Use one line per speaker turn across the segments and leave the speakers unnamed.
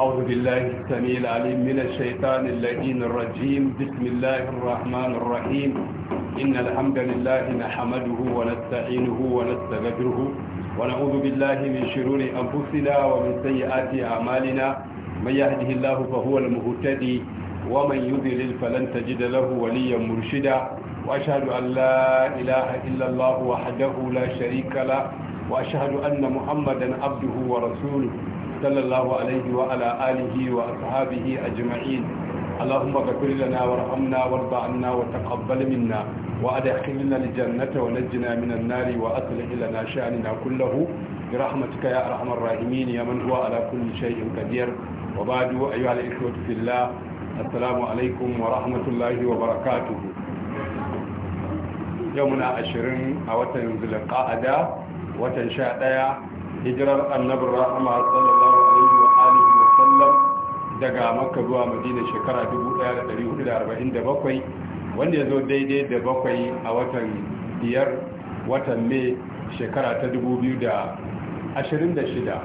أعوذ بالله السميع العليم من الشيطان اللئيم الرجيم بسم الله الرحمن الرحيم إن الحمد لله نحمده ونستعينه ونستغفره ونعوذ بالله من شرور أنفسنا ومن سيئات أعمالنا من يهده الله فهو المهتدي ومن يضلل فلن تجد له وليا مرشدا وأشهد أن لا إله إلا الله وحده لا شريك له وأشهد أن محمدا عبده ورسوله صلى الله عليه وعلى آله وأصحابه أجمعين اللهم اغفر لنا وارحمنا وارض عنا وتقبل منا وأدخلنا الجنة ونجنا من النار وأصلح لنا شأننا كله برحمتك يا أرحم الراحمين يا من هو على كل شيء قدير وبعد أيها الإخوة في الله السلام عليكم ورحمة الله وبركاته يومنا عشرين أوتن ذي القعدة watan sha ɗaya hijirar annabi rahama sallallahu alaihi wa alihi wa sallam daga makka zuwa madina shekara 1447 wanda ya zo daidai da bakwai a watan biyar watan mai shekara ta 2026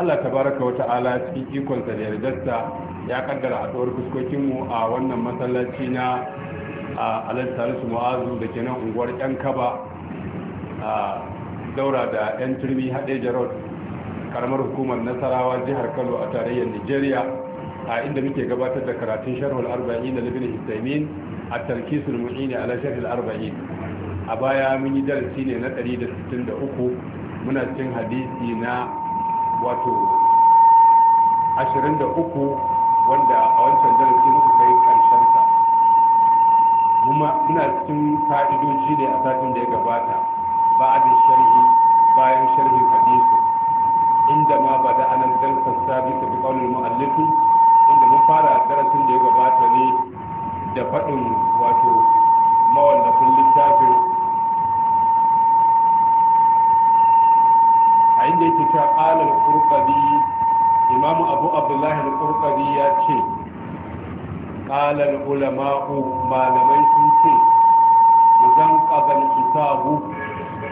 allah tabaraka wa ta'ala cikin ikonsa da yardarsa ya kaddara haɗuwar fuskokinmu a wannan masallaci na alhaji su ma'azu da ke nan unguwar yan kaba daura da yan turmi haɗe jarot karamar hukumar nasarawa jihar kano a tarayyar nigeria a inda muke gabatar da karatun sharhul arba'in da libin hisamin a tarkisul mu'ini ala sharhul arba'in a baya mun yi darasi ne na 163 muna cikin hadisi na wato 23 wanda a wancan darasi muka kai karshen sa muna cikin fa'idoji ne a satin da ya gabata بعد الشرح باين شرح الحديث عندما بدا انا الدرس السابق بقول المؤلف عند مفارا درس da ya gabata ne da faɗin wato mawallafin littafin a inda yake ta ƙalar ƙurƙari imamu abu abdullahi ƙurƙari ya ce ƙalar ulama'u malamai sun ce zan ƙazan kitabu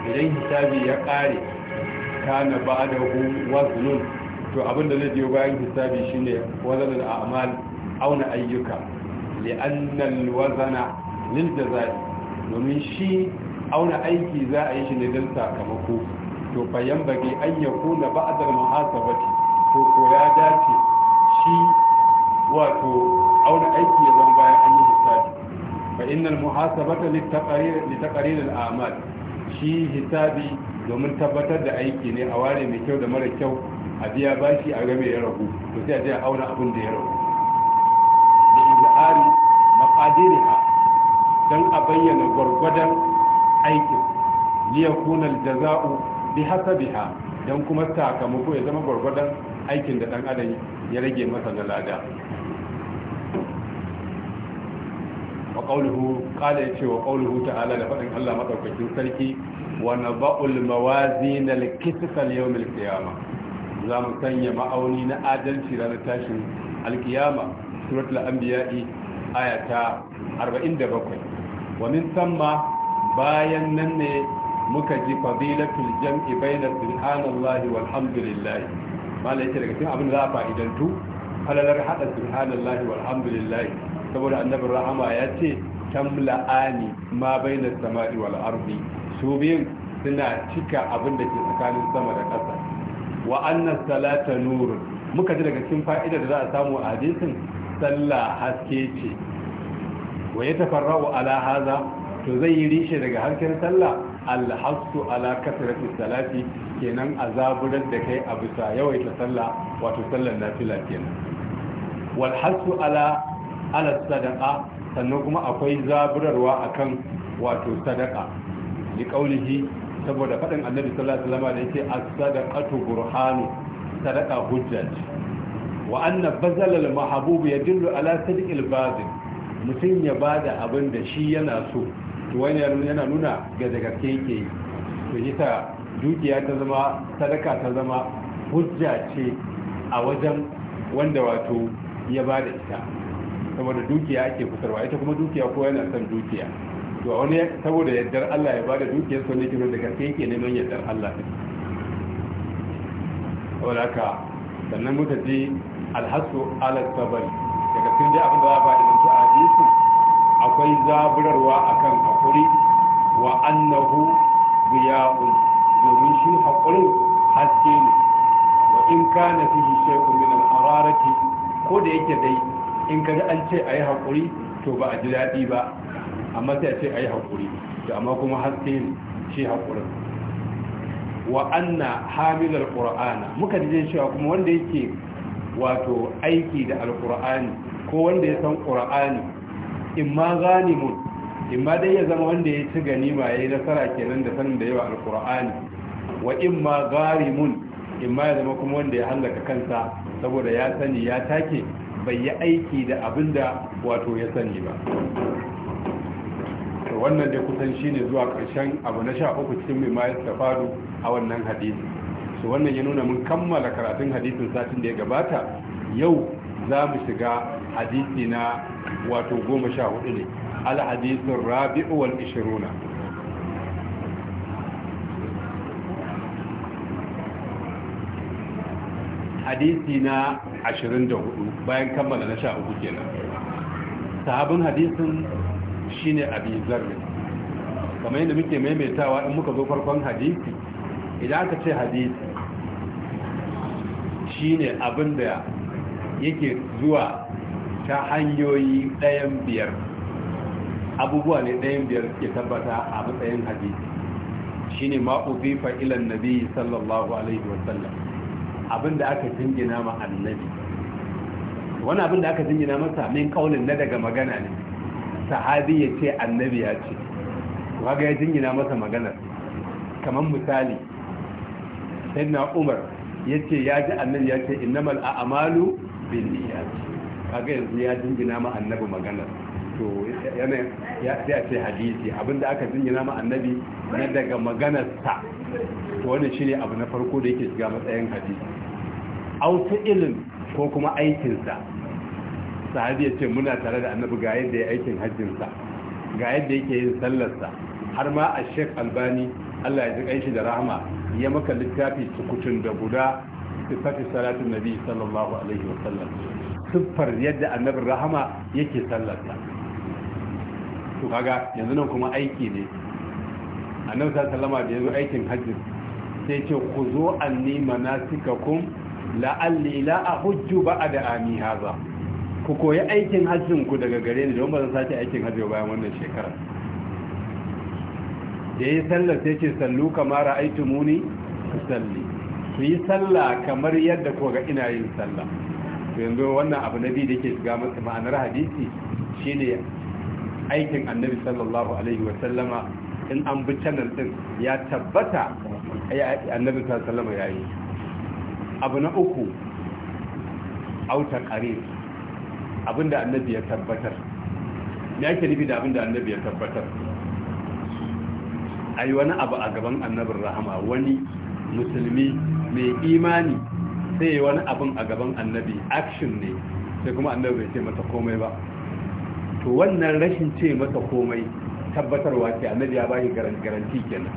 idan hisabi ya kare kana ba'dahu waznun to abin da zai biyo bayan hisabi shine wazanul a'mal auna ayyuka li'anna alwazana liljazai domin shi auna aiki za a yi shi ne don sakamako to bayan bage an ya yakuna ba'dal muhasabati to ko ya dace shi wato auna aiki ya zama bayan an yi hisabi fa innal muhasabata litaqrir litaqrir al'amal shi hisabi domin tabbatar da aiki ne a ware mai kyau da mara kyau a biya bashi a game ya ragu to sai a je a auna abin da ya ragu da izari maqadiriha dan a bayyana gwargwadon aikin li yakuna aljaza'u bi dan kuma sakamako ya zama gwargwadon aikin da dan adam ya rage masa na lada qawluhu qala yace wa qawluhu ta'ala da fadin Allah madaukakin sarki wa naba'ul mawazin al-qisfa yawm al-qiyamah za mu sanya ma'auni na adalci ranar tashin al-qiyama suratul anbiya'i aya ta 47 wa min samma bayan nan ne muka ji fadilatul jam'i bayna subhanallahi walhamdulillah malai ce daga cikin abin da za a fa'idantu falalar hada subhanallahi walhamdulillah saboda Annabi rahama ya ce tamla'ani ma bainas sama'i wal ardi su biyun suna cika abin da ke tsakanin sama da ƙasa wa annas salata nur muka ji daga cikin fa'ida da za a samu a hadisin sallah haske ce wa ya tafarra'u ala haza to zai yi rishe daga harkar sallah alhassu ala kasrati salati kenan azaburar da kai a bisa yawaita sallah wato sallar nafila kenan wal ala ala sadaqa sannan kuma akwai zaburarwa akan wato sadaqa li qaulihi saboda fadin annabi sallallahu alaihi wasallam da yake as-sadaqatu burhanu sadaqa hujja wa anna bazal al-mahbub yadullu ala sadiq al mutum ya bada abin da shi yana so to wani yana nuna ga daga keke to yita dukiya ta zama sadaka ta zama hujja ce a wajen wanda wato ya bada ita saboda dukiya ake kusurwa, ita kuma dukiya ko yana son dukiya to wani saboda yardar Allah ya bada dukiyar sa ne kiro da gaske yake neman yardar Allah din saboda haka sannan muka ji alhasu ala sabar daga cikin da abin da ba da mutu a hadisi akwai zaburarwa akan hakuri wa annahu biya'un domin shi hakurin haske ne wa in kana fihi shay'un min al-hararati ko da yake dai in kaga an ce a yi haƙuri to ba a ji daɗi ba amma sai a ce a yi haƙuri to amma kuma haske ne shi haƙurin wa anna hamilar ƙura'ana muka ji zai cewa kuma wanda yake wato aiki da alƙura'ani ko wanda ya san ƙura'ani in ma gani mun? in ma dai ya zama wanda ya ci gani ma ya yi nasara kenan da sanin da yawa alƙura'ani wa in ma gari mun in ma ya zama kuma wanda ya hallaka kansa saboda ya sani ya take bai yi aiki da abin da wato ya sani ba wannan da kusan shine zuwa ƙarshen abu na sha uku cikin mai mayar da faru a wannan hadisi su wannan ya nuna mun kammala karatun hadisin satin da ya gabata yau za mu shiga hadisi na wato goma sha hudu ne al hadisin rabi'u wal ishiruna hadisi na 24 bayan kammala na 13 kenan sahabin hadisin shine abi kamar yadda muke maimaitawa in muka zo farkon hadisi idan aka ce hadisi shine abin da yake zuwa ta hanyoyi ɗayan biyar abubuwa ne ɗayan biyar ke tabbata a matsayin hadisi shine ma'uzifa fa'ilan nabi sallallahu alaihi wasallam abin da aka jingina ma annabi wani abin da aka jingina masa min kaulin na daga magana ne sahabi ya ce annabi ya ce waga ya jingina masa maganar kamar misali sayyidina umar ya ce ya ji annabi ya ce innamal a'malu bin niyyat kaga yanzu ya jingina ma annabi maganar to yana ya sai a ce hadisi abinda aka jingina ma annabi na daga maganarsa to wannan shine abu na farko da yake shiga matsayin hadisi auta ilin ko kuma aikinsa sahabi ya ce muna tare da annabi ga yadda ya aikin hajjinsa ga yadda yake yin sallarsa har ma a shek albani allah ya ji shi da rahama ya maka littafi sukutun da guda sifati na nabi sallallahu alaihi wa sallam siffar yadda annabin rahama yake sallarsa to kaga yanzu nan kuma aiki ne annabi sallallahu alaihi da yanzu aikin hajji sai ce ku zo anni manasikakum la'alli la ahujju ba'da ami haza ku koyi aikin hajjin ku daga gare ni don ba zan sake aikin hajji bayan wannan shekara da yi sallar sai ce sallu kamar ra'aitu muni salli ku yi sallah kamar yadda ku ga ina yin sallah to yanzu wannan abu nabi da ke shiga masa ma'anar hadisi shine aikin annabi sallallahu alaihi wa sallama in an bi channel din ya tabbata annabi sallallahu alaihi wa sallama yayi abu na uku autar kare abinda annabi ya tabbatar me yake nufi da abinda annabi ya tabbatar a yi wani abu a gaban annabin rahama wani musulmi mai imani sai yi wani abin a gaban annabi action ne sai kuma annabi bai ce masa komai ba to wannan rashin ce masa komai tabbatarwa ce annabi ya bashi garanti kenan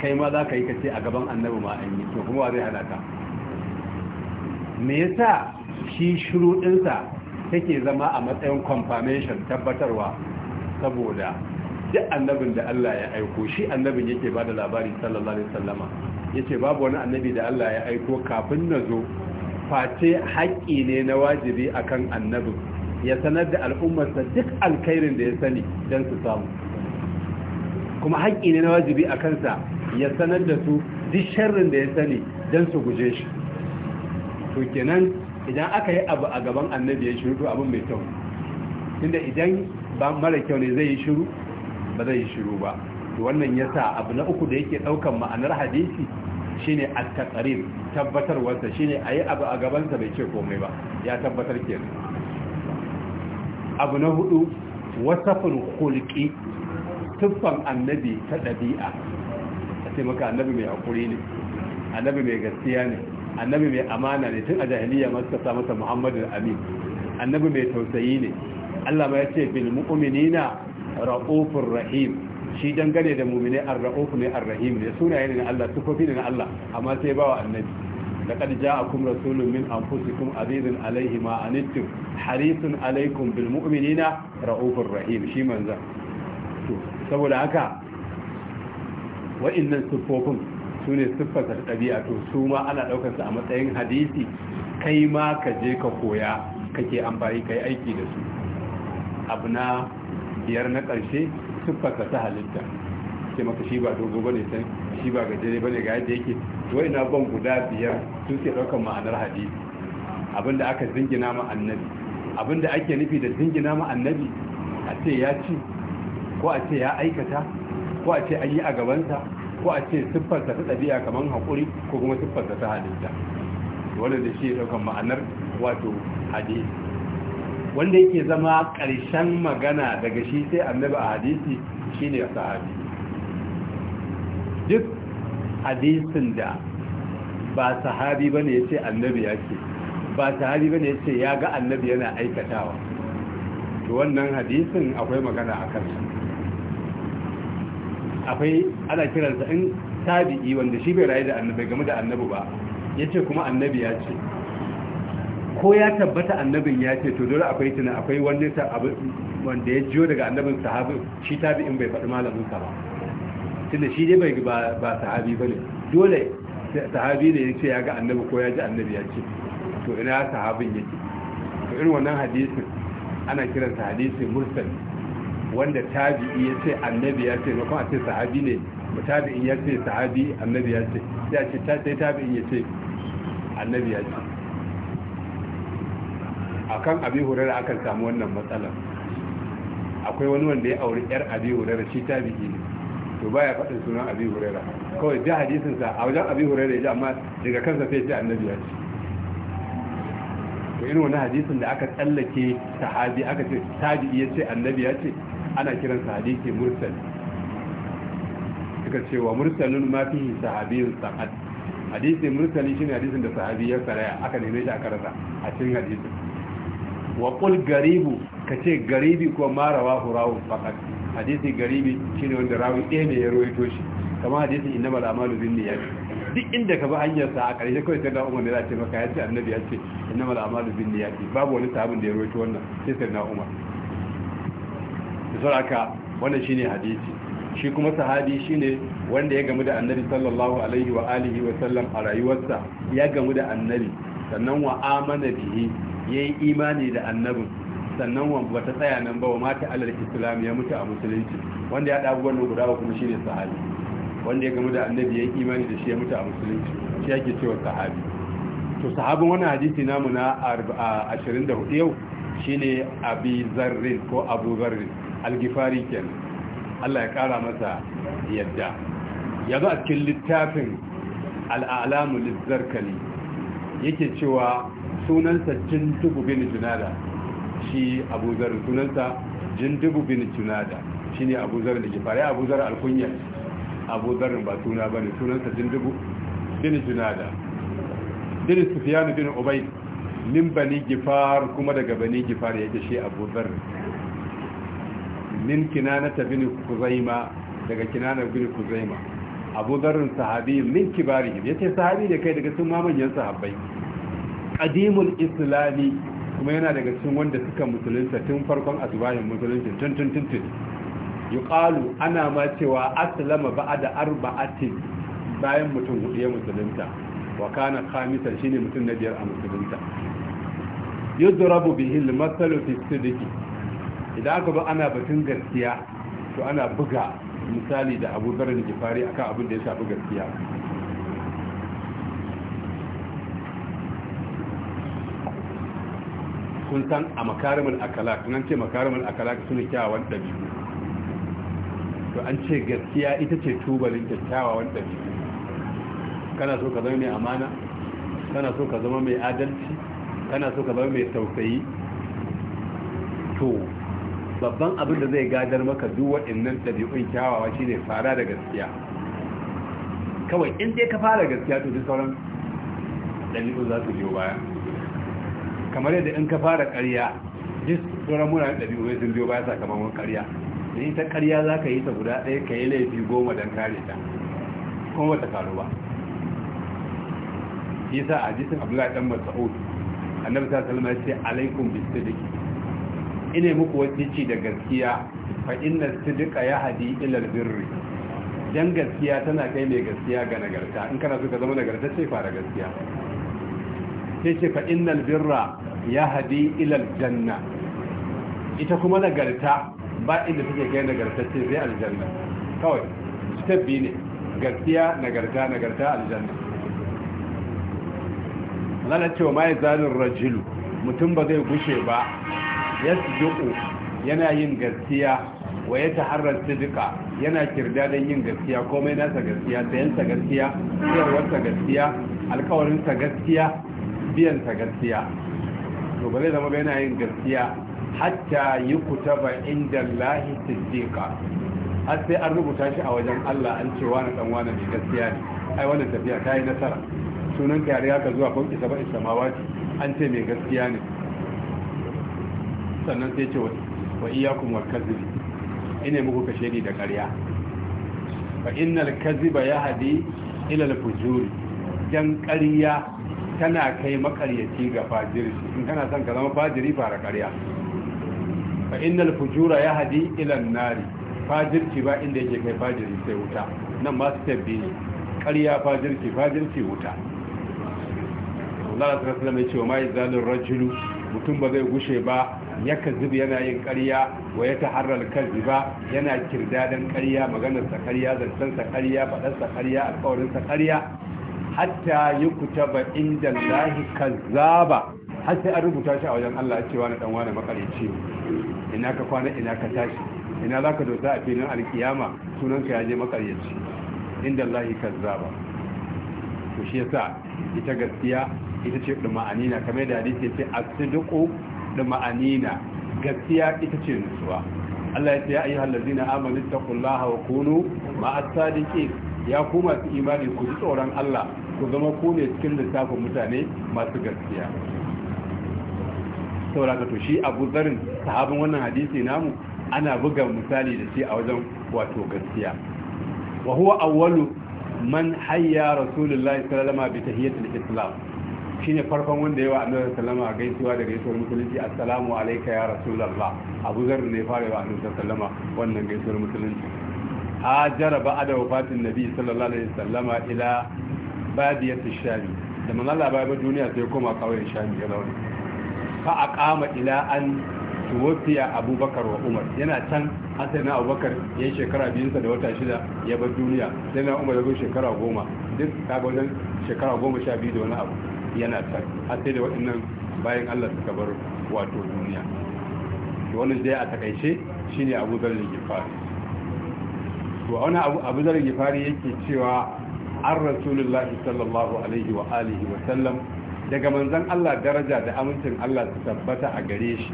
kai ma za ka yi ka ce a gaban annabi ma to kuma wa zai halaka me yasa shi shuruɗinsa take zama a matsayin confirmation tabbatarwa saboda duk annabin da Allah ya aiko shi annabin yake ba da labari sallallahu alaihi wasallama yace babu wani annabi da Allah ya aiko kafin nazo face haƙƙi ne na wajibi akan annabin ya sanar da al'ummarsa duk alkhairin da ya sani don su samu kuma haƙƙi ne na wajibi a kansa ya sanar da su duk sharrin da ya sani don su guje shi to kenan idan aka yi abu a gaban annabi ya shiru to abin mai kyau tunda idan ba mara kyau ne zai yi shiru ba zai yi shiru ba to wannan yasa abu na uku da yake daukan ma'anar hadisi shine at-taqrir tabbatarwarsa shine ayi abu a gabansa bai ce komai ba ya tabbatar kenan abu na hudu wasafin khulqi tuffan annabi ta ɗabi'a a ce maka annabi mai hakuri ne annabi mai gaskiya ne annabi mai amana ne tun a jahiliya ma suka sa masa muhammadu amin annabi mai tausayi ne Allah ma ya ce bil mu'minina ra'ufur rahim shi dangane da mu'mini ar-ra'uf ne ar-rahim ne sunaye ne na Allah sufofi ne na Allah amma sai bawa annabi laqad ja'akum rasulun min anfusikum azizun alayhi ma anittum harisun alaykum bil mu'minina ra'ufur rahim shi manza to saboda haka wa'annan sufofin su ne siffarsa ta ɗabi'a to su ma ana ɗaukarsa a matsayin hadisi kai ma ka je ka koya kake amfani kai aiki da su abu na biyar na ƙarshe siffarsa ta halitta ke maka shi ba dogo ne san shi ba gajere ne ga yadda yake wai na ban guda biyar su ke ɗaukar ma'anar hadisi abinda aka zingina ma annabi abinda ake nufi da zingina ma annabi a ce ya ci ko a ce ya aikata ko a ce an yi a gabansa ko a ce siffarsa ta ɗabi'a kamar haƙuri ko kuma siffarsa ta halitta wanda da shi ɗaukar ma'anar wato hadisi wanda yake zama ƙarshen magana daga shi sai annabi a hadisi shi ne sahabi duk hadisin da ba sahabi bane ce annabi ya ce ba sahabi bane yace ya ga annabi yana aikatawa to wannan hadisin akwai magana a kansu akwai ana kiransa in tabi'i wanda shi bai rayu da annabi game da annabi ba yace kuma annabi ya ce ko ya tabbata annabin ya ce to dole akwai tuna akwai abu wanda ya jiyo daga annabin sahabi shi tabi'in bai faɗi malamin sa ba tunda shi dai bai ba sahabi bane dole sahabi ne yace ya ga annabi ko ya ji annabi ya ce to ina sahabin yake to irin wannan hadisin ana kiransa hadisi mursal wanda tabi'i ya ce annabi ya ce kuma a ce sahabi ne tabi'in ya ce sahabi annabi ya ce ya ce sai tabi'in ya ce annabi ya ce kan abin hurara akan samu wannan matsalar akwai wani wanda ya auri yar abin hurara shi tabi'i ne to baya faɗin sunan abin hurara kawai ji hadisinsa a wajen abin hurara ya ji amma daga kansa sai ce annabi ya ce ko irin wani hadisin da aka tsallake sahabi aka ce tabi'i ya ce annabi ya ce ana kiran hadisi mursal suka cewa mursalun ma fi sahabiyin saqat hadisi mursali shine hadisin da sahabi ya karaya aka neme shi aka rasa a cikin hadisi wa qul garibu kace garibi ko marawa hurawu faqat hadisi garibi shine wanda rawi ɗaya ne ya rawaito shi kama hadisi innamal a'malu binniyat duk inda ka ba hanyar sa a karshe kai sai da Umar ne za ce maka ya ce annabi ya ce innamal a'malu binniyat babu wani sahabin da ya rawaito wannan sai sai na Umar saraka wannan shine hadisi shi kuma sahabi shine wanda ya gamu da annabi sallallahu alaihi wa alihi wa sallam a rayuwarsa ya gamu da annabi sannan wa amana bihi yayi imani da annabin sannan wa bata tsaya nan ba wa mata alal islam ya mutu a musulunci wanda ya da abubuwan nan guda kuma shine sahabi wanda ya gamu da annabi yayi imani da shi ya mutu a musulunci shi yake cewa sahabi to sahabin wannan hadisi namu na 24 yau shine abi zarrin ko abu zarrin algifari ken Allah ya kara masa yadda yanzu a cikin littafin al'alamu lizarkali yake cewa sunansa dubu bin junada shi abuzar sunansa dubu bin junada shi ne abuzar da gifari abuzar alkunyar abuzar ba suna ba ne sunansa dubu bin junada bin sufiyanu bin ubaid min bani gifar kuma daga bani gifar yake shi abuzar min kinanata bin kuzaima daga kinanar bin kuzaima abu sahabi min kibarihim yace sahabi da kai daga cikin mamanyan sahabbai qadimul islami kuma yana daga cikin wanda suka musulunta tun farkon azbahin musulunci tun tun tun tun yuqalu ana ma cewa aslama ba'da arba'atin bayan mutum hudu ya musulunta wa kana shi shine mutum na biyar a musulunta yudrabu bihi al-masalu fi idan aka ba ana batun gaskiya to ana buga misali da abu zarar da jifari akan abin da ya shafi gaskiya kun san a makarimin akalak an ce makarimin su ne kyawawan ɗabi'u to an ce gaskiya ita ce tubalin kyawawan ɗabi'u kana so ka zama mai amana kana so ka zama mai adalci kana so ka zama mai tausayi to babban abin da zai gadar maka duk waɗannan ɗabi'un kyawawa shine fara da gaskiya kawai in dai ka fara gaskiya to duk sauran ɗabi'u za su biyo baya kamar yadda in ka fara ƙarya duk sauran muna ɗabi'u sun biyo baya sakamakon ƙarya da ita ƙarya za ka yi ta guda ɗaya ka yi laifi goma don kare ta kuma wata faru ba yasa a jisun abu dan mas'ud annabi sallallahu alaihi ya ce alaikum bisidiki ina muku wasici da gaskiya fa inna sidqa yahdi ila albirri dan gaskiya tana kai mai gaskiya ga nagarta in kana so ka zama nagarta sai fara gaskiya sai ce fa innal ya yahdi ila aljanna ita kuma nagarta ba inda take kai nagarta sai zai aljanna kawai step bi ne gaskiya nagarta nagarta aljanna Allah ya ce wa mai zalin rajulu mutum ba zai gushe ba yasjuu yana yin gaskiya wa ya taharrar sidika yana kirda don yin gaskiya komai nasa gaskiya sayansa gaskiya siyarwarsa gaskiya alkawarinsa gaskiya biyansa gaskiya to ba zai zama ba yana yin gaskiya hatta yi kuta ba inda lahi siddiƙa har sai an rubuta shi a wajen allah an ce wani dan wani mai gaskiya ne ai wannan tafiya ta yi nasara sunan ya ka zuwa fauki saba mawaci an ce mai gaskiya ne sannan sai ce wa iyakun wal kazibi ina muku kashe ni da ƙarya ba innal kaziba hadi ila al fujuri dan ƙarya tana kai makaryaci ga fajiri in kana son ka zama fajiri fara ƙarya fa innal fujura hadi ila an nari fajirci ba inda yake kai fajiri sai wuta nan ma su tabbi ne ƙarya fajirci fajirci wuta Allah ta rasu da mai cewa mai zalin rajulu mutum ba zai gushe ba yaka zubi yana yin ƙarya wa ya taharral ba yana kirdadin ƙarya maganarsa ƙarya zancensa ƙarya faɗarsa ƙarya alƙawarinsa ƙarya hatta yi ba inda lahi kazzaba har sai an rubuta shi a wajen Allah cewa na dan wani makarici ina ka kwana ina ka tashi ina za ka dosa a filin alkiyama sunanka ya je makaryaci inda lahi kazzaba to shi yasa ita gaskiya ita ce duma'ani na kamar da hadisi ce asiduku da ma'anina gaskiya ita ce nutsuwa Allah ya ce ya ayyuhal ladina amanu taqullaha wa kunu ma'as sadiqin ya ku masu imani ku ji tsoron Allah ku zama ku ne cikin littafin mutane masu gaskiya sauraka to shi Abu Zarin sahabin wannan hadisi namu ana buga misali da shi a wajen wato gaskiya wa huwa awwalu man hayya rasulullahi sallallahu alaihi wasallam bi tahiyatul islam shine farkon wanda yawa annabi sallama a gaisuwa da gaisuwar musulunci assalamu alayka ya rasulullah abu zar ne fara yawa annabi sallama wannan gaisuwar musulunci A jaraba ada wafatin nabi sallallahu alaihi wasallama ila badiyat ash-sham da man Allah bai ba duniya sai koma kauyen sham ya zauna fa aqama ila an tuwafiya abubakar wa umar yana can an sai na abubakar ya yi shekara biyunsa da wata shida ya bar duniya sai na umar ya zo shekara goma duk kaga wajen shekara goma sha biyu da wani abu yana tar har sai da waɗannan bayan Allah suka bar wato duniya wannan dai a takaice shine Abu Zarri Gifari. ghifari to wani Abu Dharr Gifari yake cewa an Rasulullahi sallallahu alaihi wa alihi wa sallam daga manzon Allah daraja da amincin Allah su tabbata a gare shi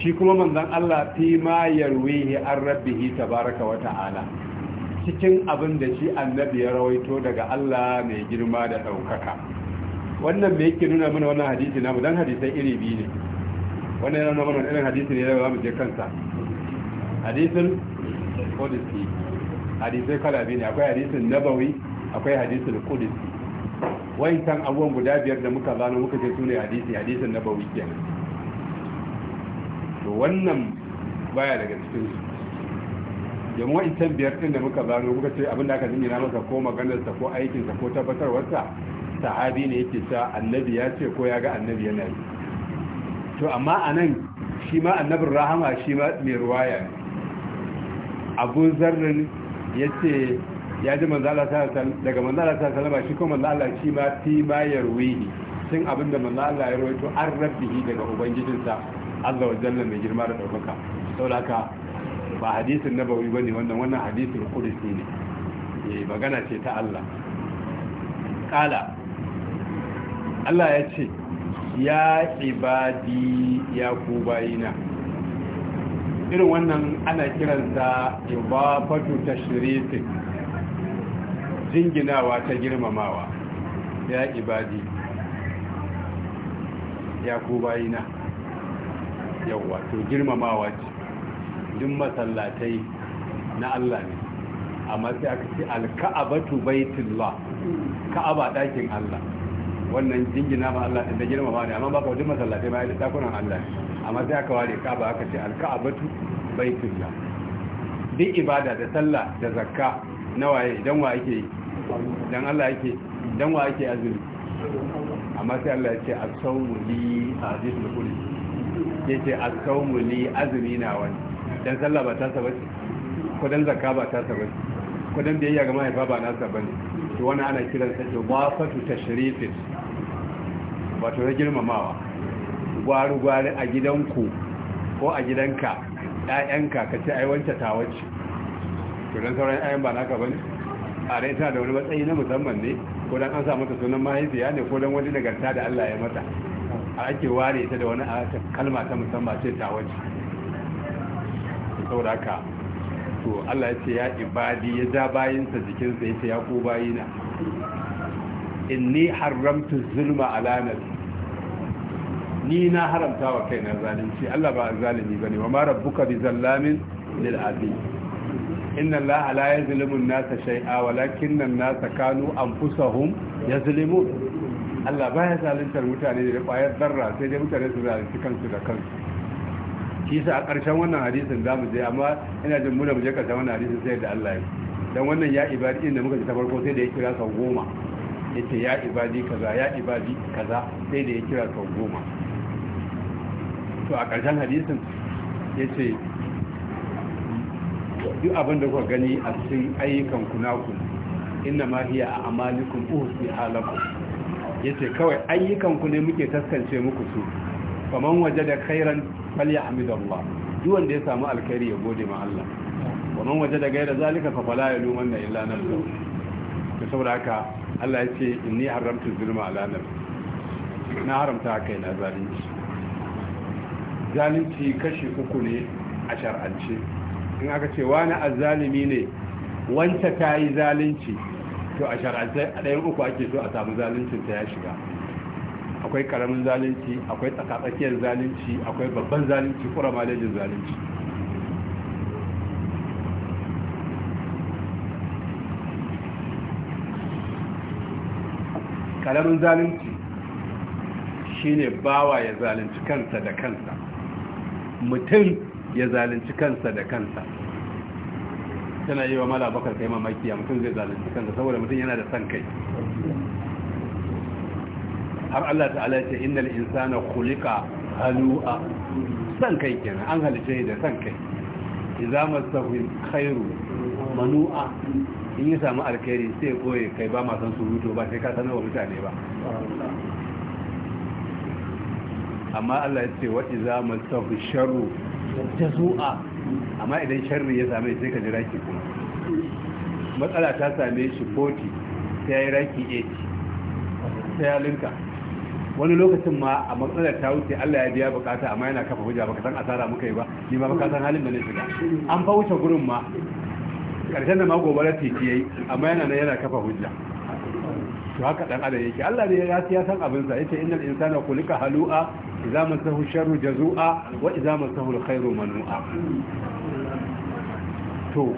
shi kuma manzon Allah fi ma yarwihi an rabbihi tabaraka wa ta'ala cikin abin da shi annabi ya rawaito daga Allah mai girma da ɗaukaka wannan me yake nuna mana wannan hadisi namu dan hadisai iri biyu ne wannan yana nuna mana irin hadisi ne da mu je kansa hadisin kudusi, hadisai kala biyu ne akwai hadisin nabawi akwai hadisin Wai wayancan abubuwan guda biyar da muka zano muka ce sune hadisi hadisin nabawi kenan to wannan baya daga cikin su domin wa'incan biyar ɗin da muka zano muka ce abinda aka jingina masa ko maganarsa ko aikinsa ko tabbatarwarsa sahabi ne yake sa annabi ya ce ko ya ga annabi yana yi to amma a nan shi ma annabin rahama shi ma mai ruwaya ne abu zarrin ya ce ya ji manzala daga manzala ta salama shi ko manzala shi ma fi ma ya ruwihi cin abin da manzala ya ruwaito an rabbihi daga ubangijinsa allah wa jalla mai girma da ɗaukaka saboda ba hadisin nabawi ba ne wannan wannan hadisin kudusi ne eh, magana ce ta allah kala Allah ya ce ya ibadi ya ku bayina irin wannan ana kiransa ibafatu tashrifin jinginawa ta girmamawa ya ibadi ya ku bayina yawa to girmamawa ce duk masallatai na Allah ne amma sai aka ce alka'abatu baitullah ka'aba dakin Allah wannan jingina ma Allah da girmama ne amma ba ka wajen masallatai ba ya dakunan Allah amma sai aka ware ka ba aka ce alka'abatu baitullah duk ibada da sallah da zakka na waye dan wa yake dan Allah yake dan wa yake azumi amma sai Allah ya ce as-sawmu li hadithul qul yace as-sawmu li azumi na wani dan sallah ba ta saba ko dan zakka ba ta saba ko dan biyayya ga mahaifa ba na saba ne to wani ana kiransa wafatu tashrifin wato na girmamawa gwari-gwari a gidanku ko a gidanka ‘ya'yanka ka ce aiwanta ta wacce tunan sauran ‘ya'yan ba ka bane a rai tana da wani matsayi na musamman ne ko don an samu ta sunan mahaifiya ne ko don wani nagarta da Allah ya mata a ake ware ta da wani kalma ta musamman ce ta wacce ka. to Allah ya ce ya ibadi ya ja bayinsa jikinsa ya ce ya ku bayina inni haramtu zulma ala nafsi ni na haramta wa kaina zalunci Allah ba zalimi bane wa ma rabbuka bi zallamin lil abid inna allaha la yazlimu an-nasa shay'a walakinna an-nasa kanu anfusahum yazlimun Allah baya zaluntar mutane da kwayar darra, sai dai mutane su zalunci kansu da kansu shi sa a ƙarshen wannan hadisin za mu je amma ina jin muna mu je ƙarshen wannan hadisin sai da Allah ya dan wannan ya ibadi inda muka ji ta farko sai da ya kira sau goma yace ya ibadi kaza ya ibadi kaza sai da ya kira sau goma to a ƙarshen hadisin yace duk abin da kuka gani a cikin ayyukan kunaku inna ma hiya a amalikum uhsi halakum yace kawai ayyukan ku ne muke taskance muku su faman waje da khairan falyahmidallah duk wanda ya samu alkhairi ya gode ma Allah waman waje da gaira zalika fa fala yalumanna illa nafsu to saboda haka Allah ya ce inni haramtu zulma ala nafsi na haramta kai na zalunci zalunci kashi uku ne a shar'ance in aka ce wani azzalimi ne wanda ta yi zalunci to a shar'ance a ɗayan uku ake so a samu zaluncin ta ya shiga akwai karamin zalunci akwai tsakatsakiyar zalunci akwai babban zalunci kura malajin zalunci karamin zalunci shine bawa ya zalunci kansa da kansa mutum ya zalunci kansa da kansa tana yi wa mala bakar kai mamaki a mutum zai zalunci kansa saboda mutum yana da son kai har Allah ta'ala ce innal insana khuliqa halu'a san kai kenan an halice da san kai idza masahu khairu manu'a in ya samu alkhairi sai koyi kai ba ma san surutu ba sai ka sanar wa mutane ba amma Allah ya ce wa idza masahu sharru jazu'a amma idan sharri ya same sai ka jira ki kuma matsala ta same shi 40 sai ya yi raki 80 sai ya linka wani lokacin ma a matsalar ta wuce Allah ya biya bukata amma yana kafa hujja baka san asara muka yi ba ni ba baka san halin da ne shiga an fa wuce gurin ma karshen da ma gobara teki yayi amma yana nan yana kafa hujja to haka dan adam yake Allah ne ya ya san abin sa yace innal insana khuliqa halu'a idza masahu sharru jazu'a wa idza masahu alkhairu manu'a to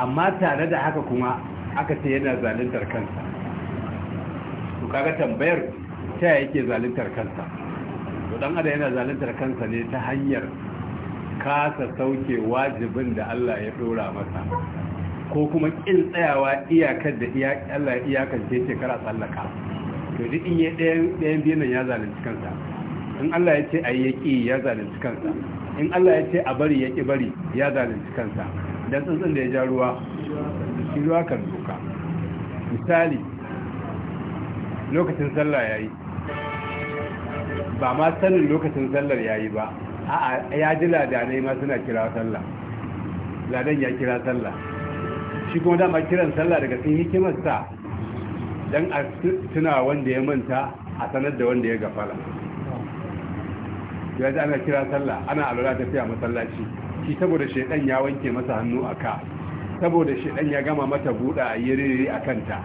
amma tare da haka kuma aka ce yana zaluntar kansa to kaga tambayar ta yake zaluntar kansa to dan adam yana zaluntar kansa ne ta hanyar kasa sauke wajibin da Allah ya dora masa ko kuma kin tsayawa iyakar da Allah iyakar ce ce kara tsallaka to duk in ya ɗayan biyan ya zalunci kansa in Allah ya ce a yi ya zalunci kansa in Allah ya ce a bari ya ki bari ya zalunci kansa Dan tsuntsun da ya ja ruwa shi ruwa kan doka misali lokacin sallah ya yi ba ma sanin lokacin sallar ya yi ba a'a ya ji ladanai ma suna kira sallah ladan ya kira sallah shi kuma dama kiran sallah daga cikin hikimarsa don a tuna wanda ya manta a sanar da wanda ya gafala ya ji ana kira sallah ana alwala tafiya masallaci shi saboda shaidan ya wanke masa hannu a ka saboda shaidan ya gama mata buɗa a yi a kanta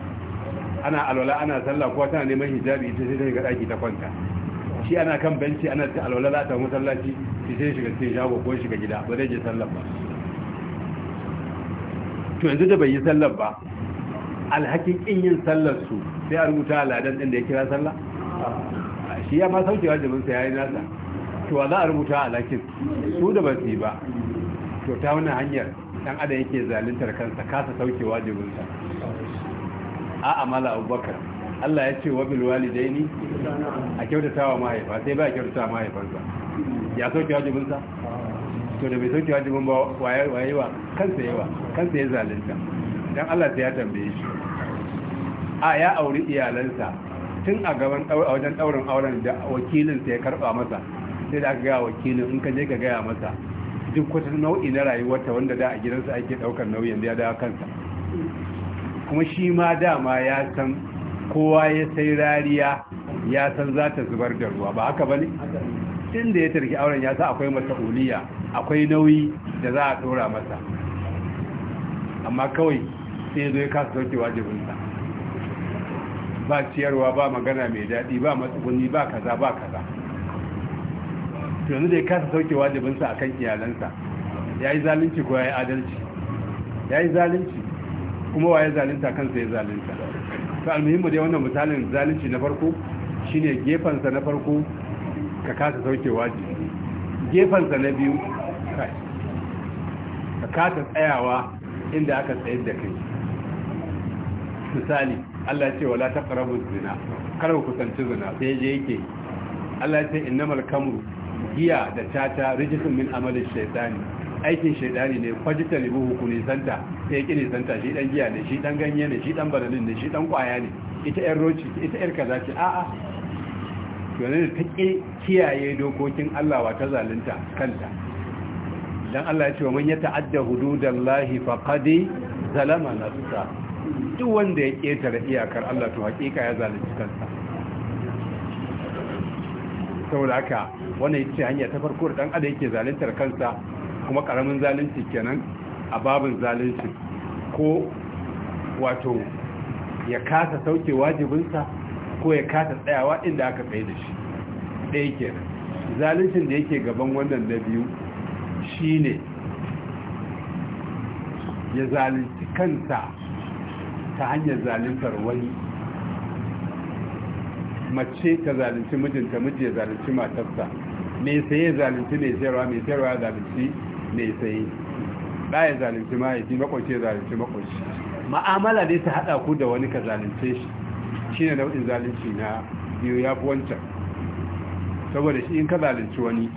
ana alwala ana sallah kuwa tana neman hijabi ita sai ta shiga ɗaki ta kwanta shi ana kan benci ana ta alwala za ta musallaci shi sai shiga cikin shago ko shiga gida ba zai je sallar ba to yanzu da bai yi sallar ba alhakin kin yin sallar su sai a rubuta aladan din da ya kira sallah shi ya ma sauke wajibin sa yi nasa to wa za a rubuta alhakin su da ba su yi ba to ta wani hanyar dan adam yake zaluntar kansa kasa sauke wajibin sa a amala abubakar Allah ya ce wabil walidaini a kyautata wa mahaifa sai ba wa mahaifansa ya sauke wajibinsa to da bai sauke wajibin ba waye wa kansa yawa kansa ya zalunta Don Allah sai ya tambaye shi a ya auri iyalansa tun a gaban wajen daurin auren da wakilin sai ya karba masa sai da aka gaya wakilin in ka je ka gaya masa duk wata nau'i na rayuwarta wanda da a gidansa ake daukar nauyin da ya dawa kansa kuma shi ma dama ya san kowa ya sai rariya ya san za ta zubar da ruwa ba haka ba ne tun da ya tarki auren ya sa akwai uliya akwai nauyi da za a tsora masa amma kawai sai ya zo ya kasa sauke wajibinsa ba ciyarwa ba magana mai daɗi ba matsuguni ba kaza ba kaza yanzu da ya kasa sauke wajibinsa a kan iyalansa ya yi zalunci ko ya yi adalci ya yi zalunci kuma wa ya zalunta kansa ya zalunta to almuhimmu dai wannan misalin zalunci na farko shine gefansa na farko ka kasa sauke wajibi gefansa na biyu ka kasa tsayawa inda aka tsayar da kai misali Allah ce wala taqrabu zina kar ku kusanci zina sai je yake Allah ce innamal kamru giya da tata rijisun min amalin shaitani. aikin shaidani ne fajita libu ku nisanta sai ki Santa shi dan giya ne shi dan ganye ne shi dan baralin ne shi dan kwaya ne ita 'yan roci ita 'yan kaza ce a'a yanzu ta kiyaye dokokin Allah wa ta zalunta kanta dan Allah ya ce wa man yata'adda hududallahi faqad zalama nafsa duk wanda ya ƙetare iyakar Allah to hakika ya zalunci kansa saboda haka wannan ita hanya ta farko da dan adam yake zaluntar kansa kuma karamin zalunci kenan a babin zalunci ko wato ya kasa sauke wajibinsa ko ya kasa tsayawa inda aka tsaye da shi ɗaya kenan zaluncin da yake gaban wannan na biyu shi ne ya zalunci kansa ta hanyar zaluntar wani mace ta zalunci mijinta miji zalunci matarsa mai sai ya zalunci mai sayarwa mai sayarwa ya zalunci mai sai ɗaya zalunci mahaifi makwanci ya zalunci makwanci ma'amala ne ta haɗa ku da wani ka zalunce shi shi ne nau'in zalunci na biyu ya fi wancan saboda shi in ka zalunci wani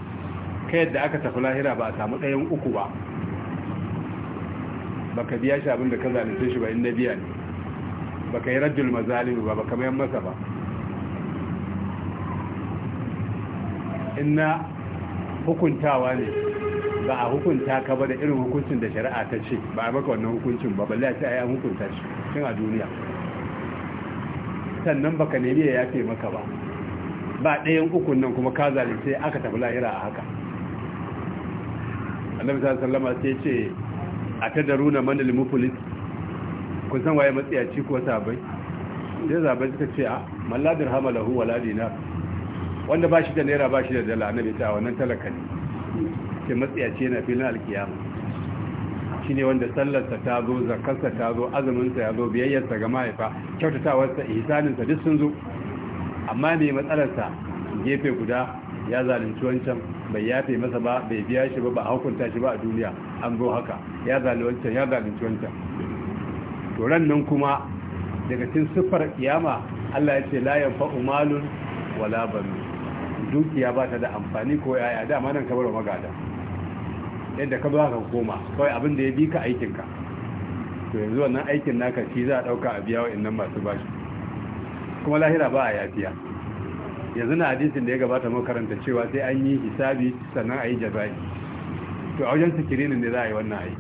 ka yadda aka tafi lahira ba a samu ɗayan uku ba ba ka biya shi abinda ka zalunce shi ba in na biya ne ba ka yi rajul mazalimu ba ba kamar mayan masa ba inna hukuntawa ne ba a hukunta ka ba da irin hukuncin da shari'a ta ce ba a maka wannan hukuncin ba balle a ce ai an hukunta shi tun a duniya sannan baka nemi ya yafe maka ba ba ɗayan ukun nan kuma ka zalunce aka tafi lahira a haka annabi sallallahu alaihi wasallam sai ce a ta tadaruna man al-muflis kun san waye matsiyaci ko sabai sai zabai suka ce a ah, malladir hamalahu wala dinar wanda ba shi da naira ba shi da dala annabi ta wannan talaka ne ce na filin alkiyama shi ne wanda sallarsa ta zo zakarsa ta zo azuminsa ya zo biyayyarsa ga mahaifa kyautatawarsa ihisaninsa duk sun zo amma mai matsalarsa gefe guda ya zalunci wancan bai yafe masa ba bai biya shi ba ba hukunta shi ba a duniya an zo haka ya zalunci wancan ya to nan kuma daga cikin siffar kiyama Allah ya ce la yanfa'u umalun wala banu dukiya ba ta da amfani ko yaya dama nan wa magada yadda ka ba ka koma kawai abin da ya bi ka aikinka to yanzu wannan aikin naka shi za a ɗauka a biya wa'annan masu bashi kuma lahira ba a yafiya yanzu na hadisin da ya gabata makaranta cewa sai an yi hisabi sannan a yi jaza'i to a wajen sikirinin ne za a yi wannan aiki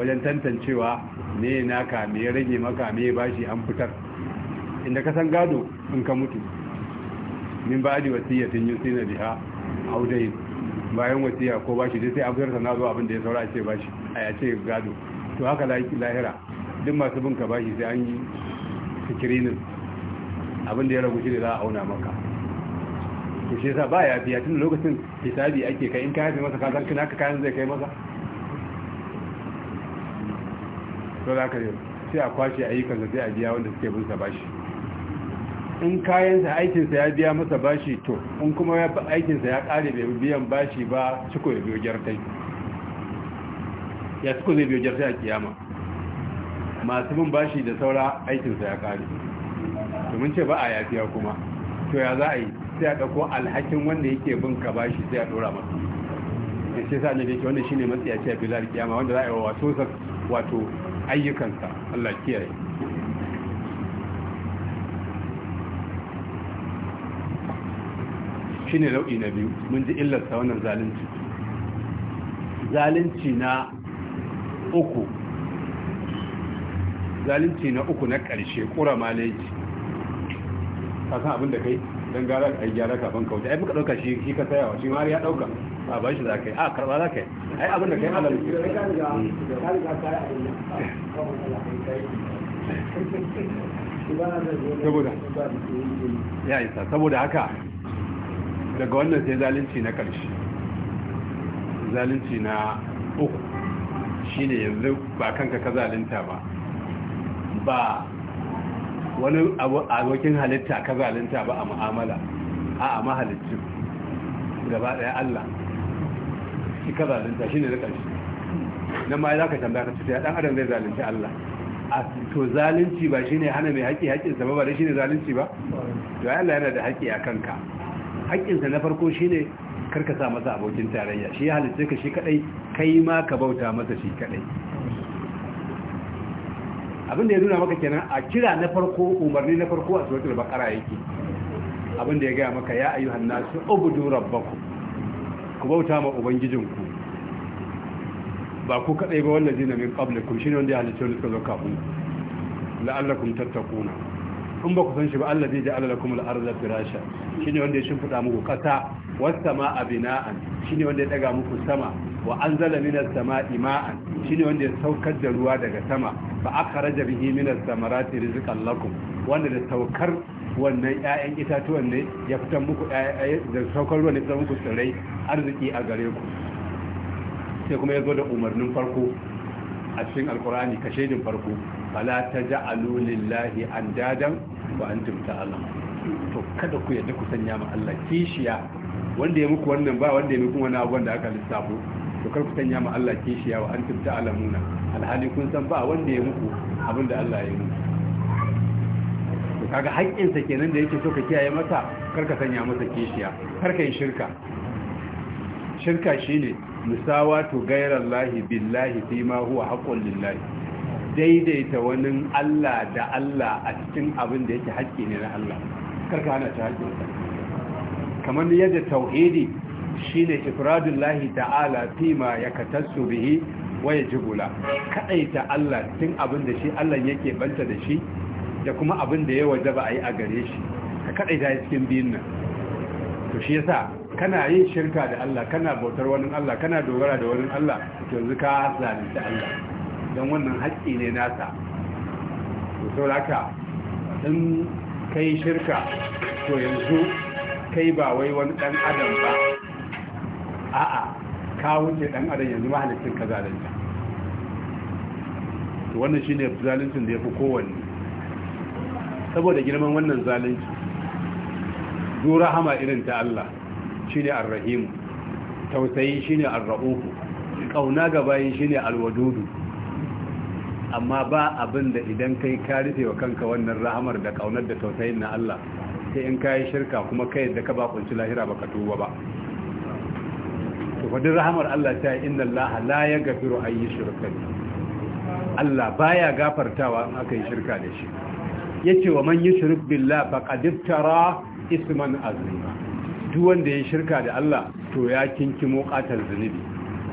wajen tantancewa me naka me ya rage maka me bashi an fitar inda ka san gado in ka mutu min ba'di wasiyatin yusina biha audayn bayan wasiya ko bashi dai sai a fitar sana zo abin da ya saura a ce bashi a ya ce gado to haka lahira duk masu bin ka bashi sai an yi sikirinin abin da ya ragu shi da za a auna maka to shi yasa ba ya biya tun lokacin hisabi ake kai in ka yafe masa kasan kina ka kayan zai kai masa to za ka sai a kwashe ayyukan sai a biya wanda suke bin sa bashi in kayansa aikinsa ya biya masa bashi to in kuma ya aikinsa ya kare bai biyan bashi ba ciko ya biyo jartai ya ko zai biyo jartai a kiyama masu bin bashi da saura aikinsa ya kare domin ce ba a yafiya kuma to ya za a yi sai a ɗauko alhakin wanda yake bin ka bashi sai a ɗora masa ya ce sa ne yake wanda shi ne matsiyaci a bilal kiyama wanda za a yi wa wato ayyukansa allah kiyaye shine nau'i na biyu mun ji illarsa wannan zalunci zalunci na uku zalunci na uku na ƙarshe ƙura maleji ka san abin da kai don gara a yi gyara kafin kauta ai muka ɗauka shi shi ka sayawa shi mara ya ɗauka a ba shi za ka yi a karɓa za ka yi ai abin da kai ala saboda ya isa saboda haka daga wannan sai zalunci na ƙarshe zalunci na uku shi ne yanzu ba kanka ka zalunta ba ba wani abokin halitta ka zalunta ba a mu'amala a a mahalicci gaba ɗaya Allah shi ka zalunta shi ne na ƙarshe nan ma za ka tambaya ka cuta ɗan adam zai zalunci Allah a to zalunci ba shi ne hana mai haƙi haƙinsa ba ba da shi ne zalunci ba to Allah yana da haƙi a kanka haƙƙinsa na farko shi ne sa masa abokin tarayya shi ya halitta ka shi kaɗai. kai ma ka bauta masa shi kaɗai abinda ya nuna maka kenan a kira na farko umarni na farko a suratul baqara yake abinda ya gaya maka ya ayyuhan nasu ubudu rabbakum ku bauta ma ubangijinku ba ku kaɗai ba wallazi na min qablikum shine wanda ya halitta wani suka zo kafin la'allakum tattaquna in ba ku san shi ba Allah zai ja'ala lakum al-ardha firasha shine wanda ya shimfida muku kasa was samaa bina'an shine wanda ya daga muku sama wa anzala minas samaa'i ma'an shine wanda ya saukar da ruwa daga sama fa akhraja bihi minas samarati rizqan lakum wanda da saukar wannan 'ya'yan itatuwan ne ya fitar muku da saukar ruwa ne fitar muku tsirrai arziki a gare ku sai kuma ya zo da umarnin farko a cikin alkurani kashedin farko fala an dadan ba an tumta alam to kada ku yadda ku sanya ma Allah kishiya wanda ya muku wannan ba wanda ya muku wani abu wanda aka lissafo to kar ku sanya ma Allah kishiya wa tumta alamuna alhali kun san ba wanda ya muku abin da Allah ya yi muku to kaga haƙƙinsa kenan da yake so ka kiyaye masa kar ka sanya masa kishiya ka yi shirka shirka shine musawatu ghayrallahi billahi fi ma huwa haqqun lillahi daidaita wani Allah da Allah a cikin abin da yake haƙƙi ne na Allah karka hana ta haƙƙi wata kamar yadda tauhidi shine ifradullahi ta'ala fima katassu bihi wa yajibula kadaita Allah cikin abin da shi Allah yake banta da shi da kuma abin da ya a yi a gare shi ka kadaita cikin biyun nan to shi yasa kana yin shirka da Allah kana bautar wani Allah kana dogara da wani Allah to yanzu ka zalunta Allah don wannan haƙƙi ne nasa to sauraka in kai shirka to yanzu kai ba wai wani ɗan adam ba a'a ka wuce ɗan adam yanzu mahalittin ka zalunta to wannan shi ne zaluncin da ya fi kowanne saboda girman wannan zalunci zo rahama irin ta Allah shi ne arrahimu tausayi shi ne arra'uku ƙauna ga bayan shi ne alwadudu amma ba abin da idan kai ka rufe wa kanka wannan rahamar da kaunar da tausayin na Allah sai in yi shirka kuma kai da ka bakunci lahira ba ka tuba ba to fadin rahamar Allah ta yi inna Allah la yaghfiru an ne. Allah baya gafartawa in aka yi shirka da shi yace wa man yushrik billah faqad tara isman azima duk wanda ya shirka da Allah to ya kinkimo katar zunubi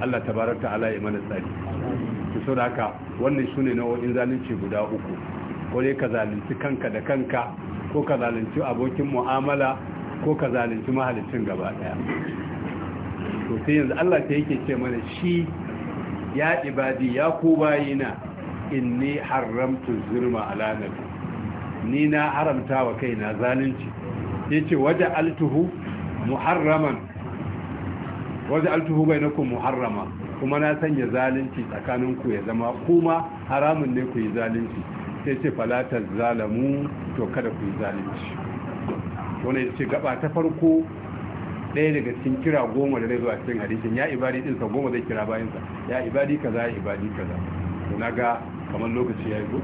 Allah tabaraka ta'ala ya mana tsari to sau da haka wannan shi ne nau'o'in zalunci guda uku ko dai ka zalunci kanka da kanka ko ka zalunci abokin mu'amala ko ka zalunci mahalicin gaba daya to sai yanzu Allah ta yake ce mana shi ya ibadi ya ku bayina inni haramtu zulma ala nabi ni na haramta wa kaina zalunci yace waja altuhu muharraman waja altuhu bainakum muharrama kuma na sanya zalunci tsakaninku ya zama kuma haramun ne ku yi zalunci sai ce falatar zalamu to kada ku yi zalunci wani ce gaba ta farko ɗaya daga cikin kira goma da zai zuwa cikin hadisin ya ibadi ɗinsa goma zai kira bayansa ya ibadi kaza ya ibadi kaza to na ga kamar lokaci ya yi zo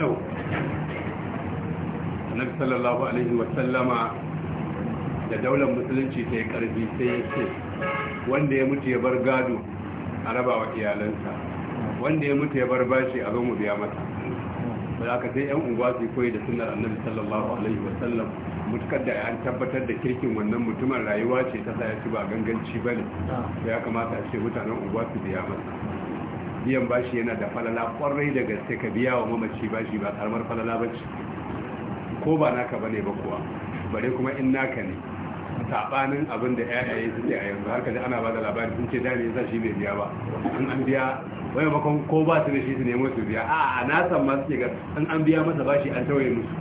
kyau annabi sallallahu alaihi wasallama da daular musulunci ta yi ƙarfi sai ya ce wanda ya mutu ya bar gado a raba wa iyalansa wanda ya mutu ya bar bashi a zo mu biya masa za ka sai yan unguwa su koyi da sunar annabi sallallahu alaihi wasallam mutukar da an tabbatar da kirkin wannan mutumin rayuwa ce ta sa ya ci ba ganganci ba ne ya kamata a ce mutanen unguwa su biya masa biyan bashi yana da falala kwarai da gaske ka biya wa mamaci bashi ba karamar falala ba ce ko ba naka ba ne ba kuwa bare kuma in naka ne tabanin abin da yayaye suke a yanzu har kaji ana ba da labari sun ce da ne yasa shi bai biya ba in an biya wai bakon ko ba su da shi su nemo su biya a'a na san ma suke ga in an biya masa bashi an tawaye musu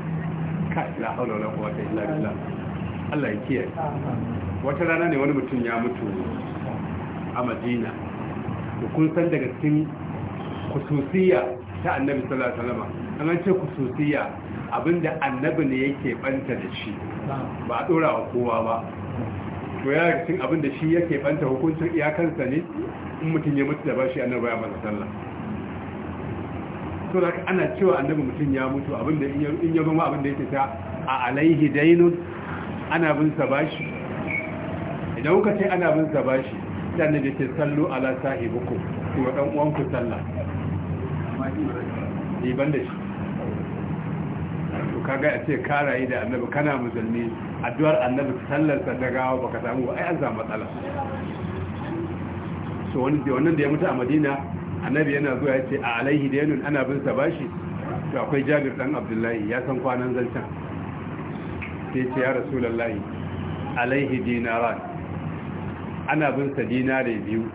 ka la haula wala quwwata illa billah Allah ya kiyaye wata rana ne wani mutum ya mutu a Madina to kun san daga cikin kususiya ta annabi sallallahu alaihi wasallam an ce kususiya abinda annabi ne yake banta da shi ba a dora wa kowa ba to ya cikin abinda shi yake banta hukuncin iyakansa ne in mutum ya mutu da bashi annabi ya masa sallah to haka ana cewa annabi mutum ya mutu abinda in ya zama abinda yake ta a alaihi dainun ana bin sa bashi idan kuka ce ana bin sa bashi Mutane da ce sallu ala sahibukum ku dan uwan ku sallah ni ban shi to kaga ace karayi da annabi kana musulmi addu'ar annabi sallar sa gawa baka samu ba ai an samu matsala so wani da wannan da ya mutu a Madina annabi yana zuwa ya ce a alaihi daynun ana bin sa bashi to akwai Jabir dan Abdullahi ya san kwanan zancan sai ce ya Rasulullahi alaihi dinaran ana bin sa dinare biyu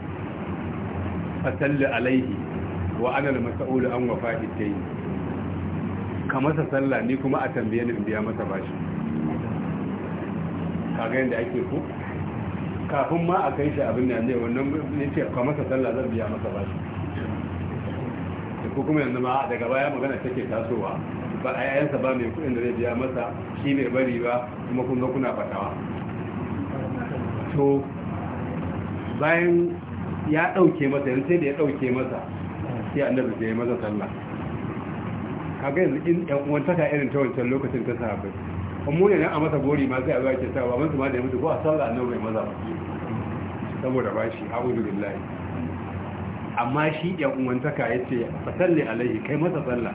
fasalli alaihi wa ana al-mas'ul an fa'id tayi ka masa sallah ni kuma a tambaye ni in biya masa bashi kaga yanda ake ku kafin ma a kai shi abin da ne wannan ne ce ka masa sallah zan biya masa bashi ko kuma yanzu ma daga baya magana take tasowa ba a yayansa ba mai kudin da zai biya masa shi mai bari ba kuma kun zo kuna fatawa to bayan ya ɗauke masa yanzu sai da ya ɗauke masa sai annabi da ya maza sallah kaga yanzu in yan uwantaka irin ta wancan lokacin ta sahabbai amma ne nan a masa gori ma sai a zai ta ba mansu ma da ya mutu ko a sallah annabi mai maza ba saboda bashi a'udhu billahi amma shi yan uwantaka ce a salli alaihi kai masa sallah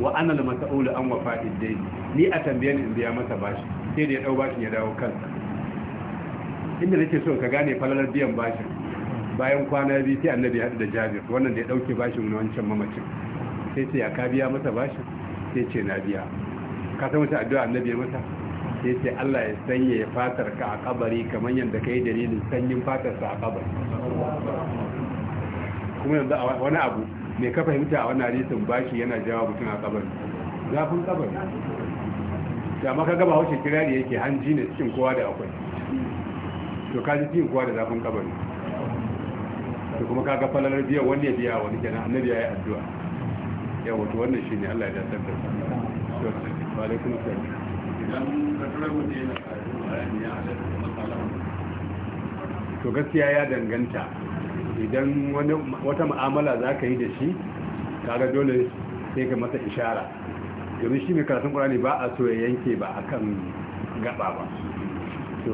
wa ana al mas'ul an wafa dayn ni a tambayar in biya masa bashi sai da ya ɗau bashi ya dawo kansa inda nake so ka gane falalar biyan bashin bayan kwana biyu sai annabi ya haɗu da jabir wannan da ya ɗauke bashin na wancan mamacin sai ce ya ka biya masa bashin sai ce na biya ka san wata addu'a annabi ya masa sai ce Allah ya sanya ya fatar ka a kabari kamar yadda ka yi dalilin sanyin fatar sa a kabari kuma yanzu a wani abu me ka fahimta a wani hadisin bashi yana jawa mutum a kabari zafin kabari da maka gaba haushe kirari yake hanji ne cikin kowa da akwai to ka ji kuwa da zafin kabari to kuma ka ga falalar biya wani ya biya wani kenan annabi ya yi addu'a ya wato wannan ne Allah ya dasar da to wa ya to gaskiya ya danganta idan wata mu'amala za ka yi da shi kaga dole sai ka masa ishara domin shi mai karatun ƙurani ba a so ya yanke ba a kan gaba ba to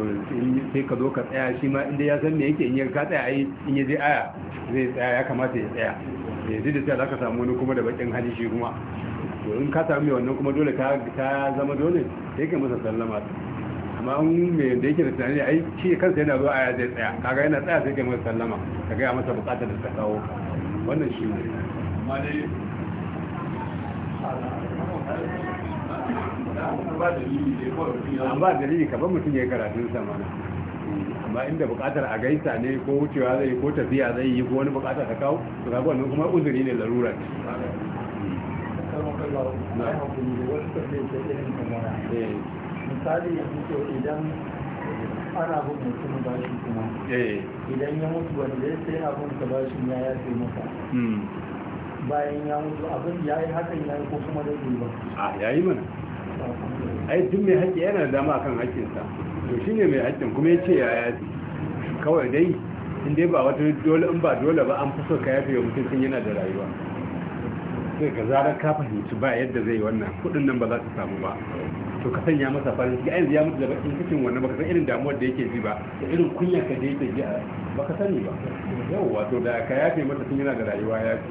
sai ka zo ka tsaya shi ma inda ya san me yake in ya ka tsaya ai in ya je aya zai tsaya ya kamata ya tsaya yanzu eh, da sai za ka samu wani kuma da bakin hali shi kuma to in ka samu wannan kuma dole ka ta zama dole sai ka masa sallama amma in me da yake da tunani ai shi kansa yana zo aya zai tsaya kaga yana tsaya sai ka masa sallama ka ga masa bukatar da ta kawo wannan shi ne amma dai an ba dalili kaban mutum ya yi karatun samana amma inda bukatar a gaisa ne ko wucewa zai ko tafiya zai yi ko wani bukata ta kawo to ga wannan kuma uzuri ne larura ce misali idan ana bin mutum bashi kuma eh. idan ya mutu wanda ya sai abin ka bashin ya yafe masa hmm. bayan ya mutu abin ya yi hakan ya yi ko kuma da ba ah, a yayi mana ai duk mai haƙƙi yana da dama kan haƙƙinsa to shine mai haƙƙin kuma ya ce ya yafi kawai dai in dai ba wata dole in ba dole ba an fi so ka yafe wa mutum tun yana da rayuwa sai ka zara ka fahimci ba yadda zai wannan kuɗin nan ba za su samu ba to ka sanya masa farin ciki yanzu ya mutu da bakin cikin wannan baka san irin damuwar da yake ji ba da irin kunya ka da yake ji a baka sani ba yau wato da ka yafe masa tun yana da rayuwa ya fi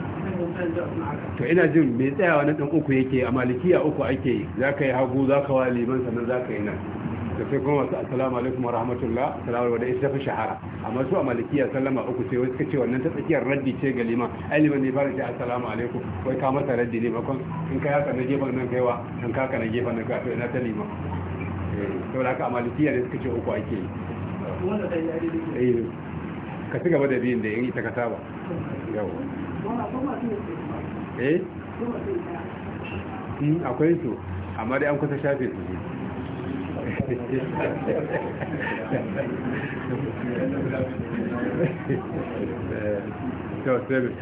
to ina jin mai tsayawa na ɗan uku yake a malikiya uku ake yi za ka yi hagu za ka wa liman sannan za ka yi nan da sai kuma wasu assalamu alaikum wa rahmatullah salamu alaikum ita tafi shahara amma su a malikiya sallama uku sai wasu kace wannan ta tsakiyar raddi ce ga liman ai liman ne fara ce assalamu alaikum wai ka mata raddi ne bakon in ka yaka na gefen nan kaiwa in ka ka na gefen nan kaiwa ina ta liman eh, da haka a malikiya ne suka ce uku ake yi eh, ka ci gaba da biyun da yin ita ka saba yawa eh hmm, akwai su amma dai an kusa shafe su ne eh,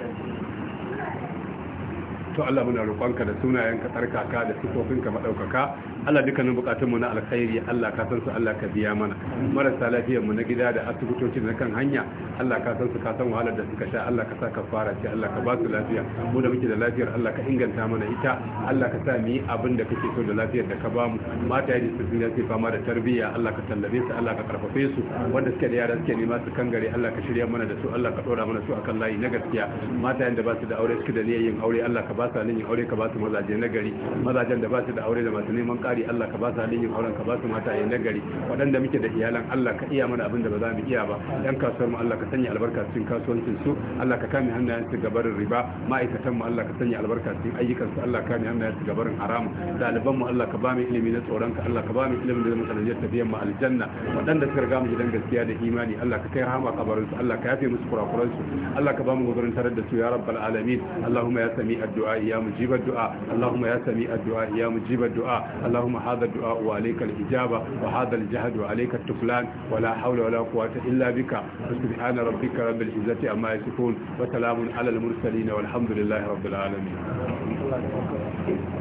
to Allah muna roƙonka da sunayen ka tsarkaka da sifofin ka madaukaka Allah dukkanin bukatunmu na alkhairi Allah ka san su Allah ka biya mana marasa lafiyar mu na gida da asibitoci na kan hanya Allah ka san su ka san wahalar da suka sha Allah ka sa ka ce Allah ka ba su lafiya mu da muke da lafiyar Allah ka inganta mana ita Allah ka sa mu abin da kake so da lafiyar da ka ba mu mata yi su duniya sai fama da tarbiyya Allah ka tallabe su Allah ka karfafe su wanda suke da yara suke nema su kan gare Allah ka shirya mana da su Allah ka dora mana su akan layi na gaskiya mata yanda ba su da aure suke da niyyar yin aure Allah ka ba ba su halin yin aure ka ba su mazaje na gari mazajen da ba su da aure da masu neman ƙari Allah ka ba su halin yin auren ka ba su mataye na gari waɗanda muke da iyalan Allah ka iya mana abin da ba za mu iya ba ɗan kasuwar mu Allah ka sanya albarka cikin kasuwancin su Allah ka kame hannayen su gabarin riba ma'aikatan mu Allah ka sanya albarka cikin ayyukan su Allah ka kame hannayen su gabarin haram ɗaliban mu Allah ka ba mu ilimi na tsoron ka Allah ka ba mu ilimin da zama sanadiyar tafiyar mu aljanna waɗanda suka riga mu gidan gaskiya da imani Allah ka kai rahama kabarin su Allah ka yafe musu kurakuran su Allah ka ba mu da su ya rabbal alamin Allahumma ya sami addu'a الدعاء يا مجيب الدعاء اللهم يا سميع الدعاء يا مجيب الدعاء اللهم هذا الدعاء وعليك الإجابة وهذا الجهد وعليك التفلان ولا حول ولا قوة إلا بك سبحان ربك رب العزة أما يسكون وسلام على المرسلين والحمد لله رب العالمين